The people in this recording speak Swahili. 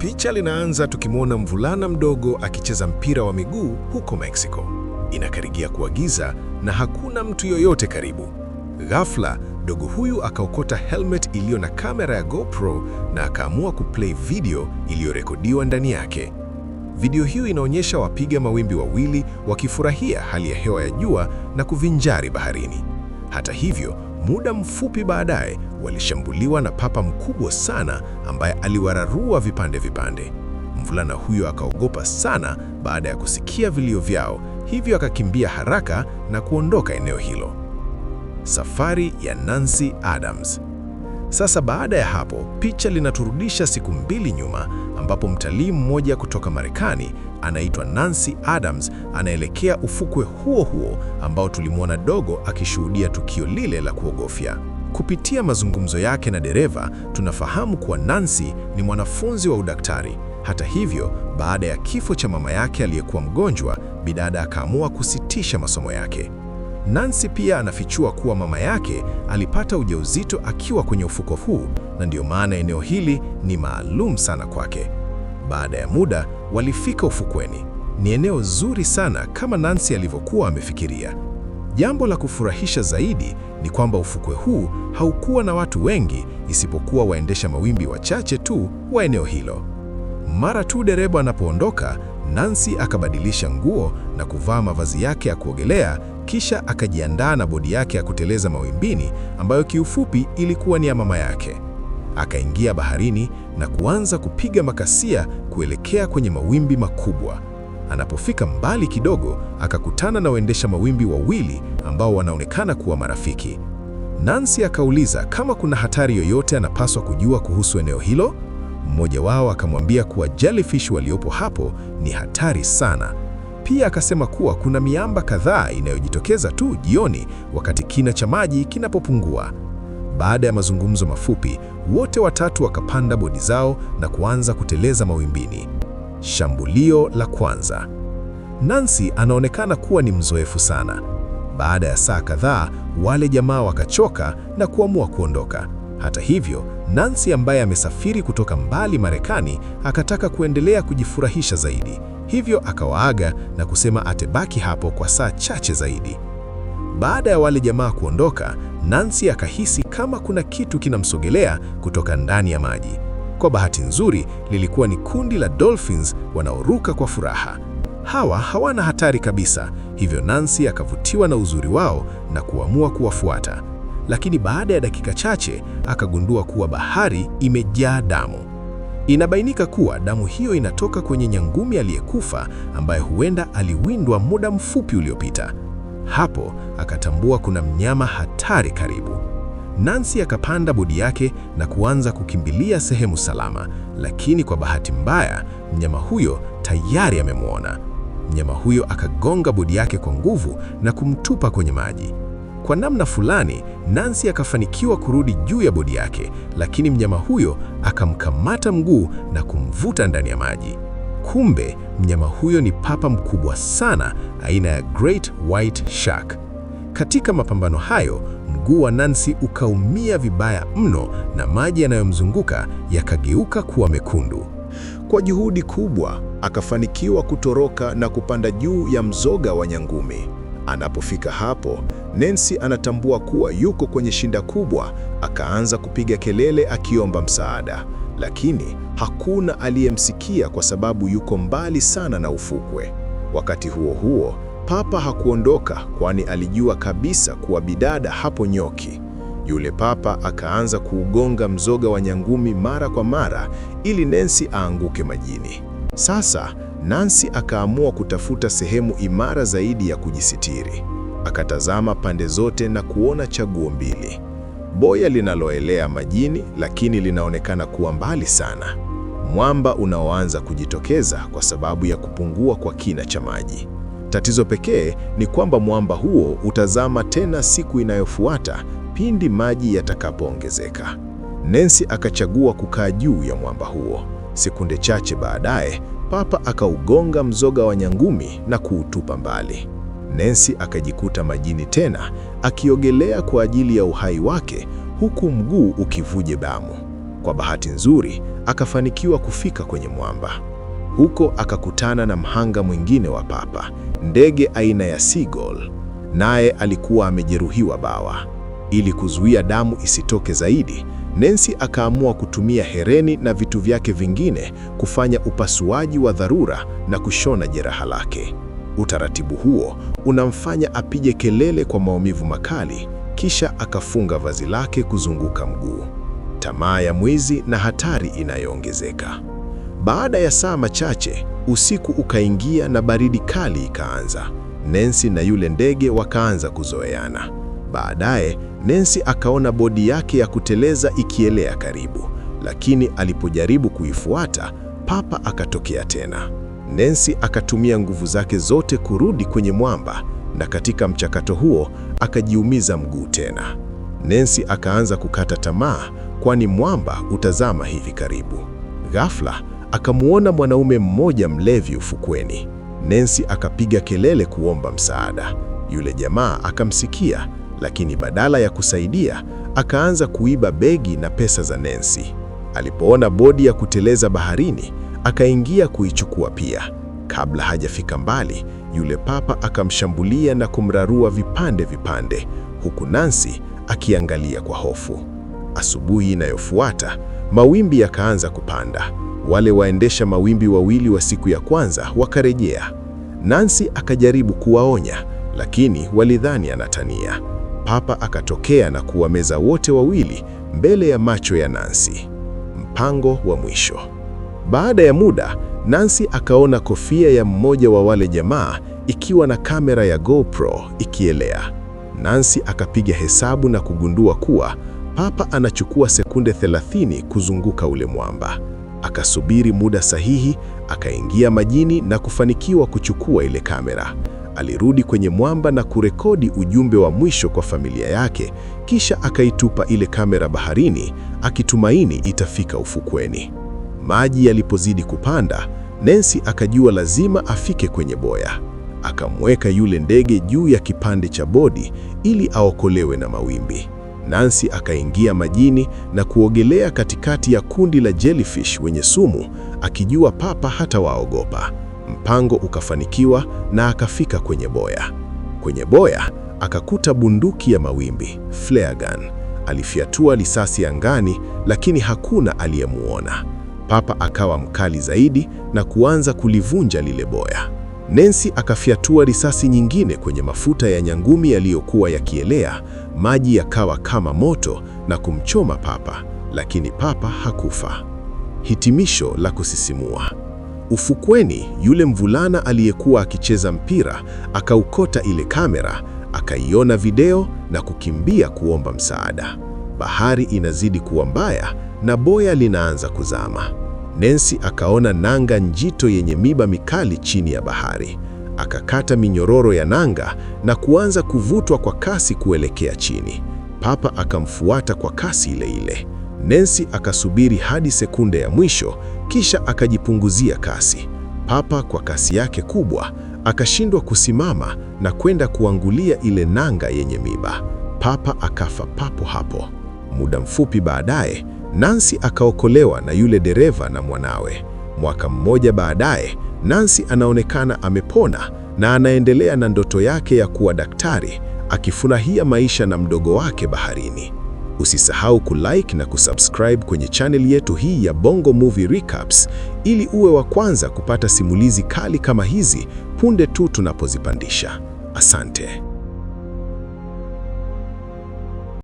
Picha linaanza tukimwona mvulana mdogo akicheza mpira wa miguu huko Mexico. Inakaribia kuagiza na hakuna mtu yoyote karibu. Ghafla dogo huyu akaokota helmet iliyo na kamera ya GoPro na akaamua kuplay video iliyorekodiwa ndani yake. Video hiyo inaonyesha wapiga mawimbi wawili wakifurahia hali ya hewa ya jua na kuvinjari baharini. Hata hivyo Muda mfupi baadaye walishambuliwa na papa mkubwa sana ambaye aliwararua vipande vipande. Mvulana huyo akaogopa sana baada ya kusikia vilio vyao, hivyo akakimbia haraka na kuondoka eneo hilo. Safari ya Nancy Adams. Sasa baada ya hapo, picha linaturudisha siku mbili nyuma, ambapo mtalii mmoja kutoka Marekani anaitwa Nancy Adams anaelekea ufukwe huo huo ambao tulimwona Dogo akishuhudia tukio lile la kuogofya. Kupitia mazungumzo yake na dereva, tunafahamu kuwa Nancy ni mwanafunzi wa udaktari. Hata hivyo, baada ya kifo cha mama yake aliyekuwa mgonjwa, bidada akaamua kusitisha masomo yake. Nancy pia anafichua kuwa mama yake alipata ujauzito akiwa kwenye ufuko huu na ndio maana eneo hili ni maalum sana kwake. Baada ya muda walifika ufukweni. Ni eneo zuri sana kama Nancy alivyokuwa amefikiria. Jambo la kufurahisha zaidi ni kwamba ufukwe huu haukuwa na watu wengi isipokuwa waendesha mawimbi wachache tu wa eneo hilo. Mara tu dereva anapoondoka, Nancy akabadilisha nguo na kuvaa mavazi yake ya kuogelea, kisha akajiandaa na bodi yake ya kuteleza mawimbini ambayo kiufupi ilikuwa ni ya mama yake. Akaingia baharini na kuanza kupiga makasia kuelekea kwenye mawimbi makubwa. Anapofika mbali kidogo, akakutana na waendesha mawimbi wawili ambao wanaonekana kuwa marafiki. Nancy akauliza kama kuna hatari yoyote anapaswa kujua kuhusu eneo hilo. Mmoja wao akamwambia kuwa jellyfish waliopo hapo ni hatari sana. Pia akasema kuwa kuna miamba kadhaa inayojitokeza tu jioni wakati kina cha maji kinapopungua. Baada ya mazungumzo mafupi, wote watatu wakapanda bodi zao na kuanza kuteleza mawimbini. Shambulio la kwanza. Nancy anaonekana kuwa ni mzoefu sana. Baada ya saa kadhaa, wale jamaa wakachoka na kuamua kuondoka. Hata hivyo, Nancy ambaye amesafiri kutoka mbali Marekani akataka kuendelea kujifurahisha zaidi, hivyo akawaaga na kusema atebaki hapo kwa saa chache zaidi. Baada ya wale jamaa kuondoka, Nancy akahisi kama kuna kitu kinamsogelea kutoka ndani ya maji. Kwa bahati nzuri, lilikuwa ni kundi la dolphins wanaoruka kwa furaha. Hawa hawana hatari kabisa, hivyo Nancy akavutiwa na uzuri wao na kuamua kuwafuata lakini baada ya dakika chache akagundua kuwa bahari imejaa damu. Inabainika kuwa damu hiyo inatoka kwenye nyangumi aliyekufa ambaye huenda aliwindwa muda mfupi uliopita. Hapo akatambua kuna mnyama hatari karibu. Nancy akapanda bodi yake na kuanza kukimbilia sehemu salama, lakini kwa bahati mbaya mnyama huyo tayari amemwona. Mnyama huyo akagonga bodi yake kwa nguvu na kumtupa kwenye maji. Kwa namna fulani, Nancy akafanikiwa kurudi juu ya bodi yake, lakini mnyama huyo akamkamata mguu na kumvuta ndani ya maji. Kumbe mnyama huyo ni papa mkubwa sana aina ya Great White Shark. Katika mapambano hayo, mguu wa Nancy ukaumia vibaya mno na maji yanayomzunguka yakageuka kuwa mekundu. Kwa juhudi kubwa, akafanikiwa kutoroka na kupanda juu ya mzoga wa nyangumi. Anapofika hapo, Nancy anatambua kuwa yuko kwenye shinda kubwa, akaanza kupiga kelele akiomba msaada, lakini hakuna aliyemsikia kwa sababu yuko mbali sana na ufukwe. Wakati huo huo, papa hakuondoka kwani alijua kabisa kuwa bidada hapo nyoki. Yule papa akaanza kuugonga mzoga wa nyangumi mara kwa mara ili Nancy aanguke majini. Sasa Nancy akaamua kutafuta sehemu imara zaidi ya kujisitiri. Akatazama pande zote na kuona chaguo mbili: boya linaloelea majini lakini linaonekana kuwa mbali sana, mwamba unaoanza kujitokeza kwa sababu ya kupungua kwa kina cha maji. Tatizo pekee ni kwamba mwamba huo utazama tena siku inayofuata pindi maji yatakapoongezeka. Nancy akachagua kukaa juu ya mwamba huo. Sekunde chache baadaye Papa akaugonga mzoga wa nyangumi na kuutupa mbali. Nancy akajikuta majini tena akiogelea kwa ajili ya uhai wake huku mguu ukivuje damu. Kwa bahati nzuri, akafanikiwa kufika kwenye mwamba. Huko akakutana na mhanga mwingine wa Papa, ndege aina ya seagull, naye alikuwa amejeruhiwa bawa. Ili kuzuia damu isitoke zaidi, Nancy akaamua kutumia hereni na vitu vyake vingine kufanya upasuaji wa dharura na kushona jeraha lake. Utaratibu huo unamfanya apige kelele kwa maumivu makali, kisha akafunga vazi lake kuzunguka mguu. Tamaa ya mwizi na hatari inayoongezeka. Baada ya saa machache, usiku ukaingia na baridi kali ikaanza. Nancy na yule ndege wakaanza kuzoeana. Baadaye Nancy akaona bodi yake ya kuteleza ikielea karibu, lakini alipojaribu kuifuata, papa akatokea tena. Nancy akatumia nguvu zake zote kurudi kwenye mwamba na katika mchakato huo akajiumiza mguu tena. Nancy akaanza kukata tamaa, kwani mwamba utazama hivi karibu. Ghafla akamwona mwanaume mmoja mlevi ufukweni. Nancy akapiga kelele kuomba msaada. Yule jamaa akamsikia lakini badala ya kusaidia akaanza kuiba begi na pesa za Nancy. Alipoona bodi ya kuteleza baharini, akaingia kuichukua pia. Kabla hajafika mbali, yule papa akamshambulia na kumrarua vipande vipande, huku Nancy akiangalia kwa hofu. Asubuhi inayofuata mawimbi yakaanza kupanda. Wale waendesha mawimbi wawili wa siku ya kwanza wakarejea. Nancy akajaribu kuwaonya, lakini walidhani anatania. Papa akatokea na kuwameza wote wawili mbele ya macho ya Nancy. Mpango wa mwisho. Baada ya muda, Nancy akaona kofia ya mmoja wa wale jamaa ikiwa na kamera ya GoPro ikielea. Nancy akapiga hesabu na kugundua kuwa Papa anachukua sekunde 30 kuzunguka ule mwamba. Akasubiri muda sahihi, akaingia majini na kufanikiwa kuchukua ile kamera alirudi kwenye mwamba na kurekodi ujumbe wa mwisho kwa familia yake, kisha akaitupa ile kamera baharini, akitumaini itafika ufukweni. Maji yalipozidi kupanda, Nancy akajua lazima afike kwenye boya. Akamweka yule ndege juu ya kipande cha bodi ili aokolewe na mawimbi. Nancy akaingia majini na kuogelea katikati ya kundi la jellyfish wenye sumu, akijua papa hata waogopa Mpango ukafanikiwa na akafika kwenye boya. Kwenye boya akakuta bunduki ya mawimbi, flare gun. Alifyatua risasi angani, lakini hakuna aliyemuona. Papa akawa mkali zaidi na kuanza kulivunja lile boya. Nancy akafyatua risasi nyingine kwenye mafuta ya nyangumi yaliyokuwa yakielea, maji yakawa kama moto na kumchoma Papa, lakini Papa hakufa. Hitimisho la kusisimua. Ufukweni, yule mvulana aliyekuwa akicheza mpira akaukota ile kamera, akaiona video na kukimbia kuomba msaada. Bahari inazidi kuwa mbaya na boya linaanza kuzama. Nancy akaona nanga njito yenye miba mikali chini ya bahari. Akakata minyororo ya nanga na kuanza kuvutwa kwa kasi kuelekea chini. Papa akamfuata kwa kasi ile ile. Nancy akasubiri hadi sekunde ya mwisho kisha akajipunguzia kasi. Papa kwa kasi yake kubwa akashindwa kusimama na kwenda kuangulia ile nanga yenye miba. Papa akafa papo hapo. Muda mfupi baadaye, Nancy akaokolewa na yule dereva na mwanawe. Mwaka mmoja baadaye, Nancy anaonekana amepona na anaendelea na ndoto yake ya kuwa daktari, akifurahia maisha na mdogo wake baharini. Usisahau kulike na kusubscribe kwenye channel yetu hii ya Bongo Movie Recaps ili uwe wa kwanza kupata simulizi kali kama hizi punde tu tunapozipandisha. Asante.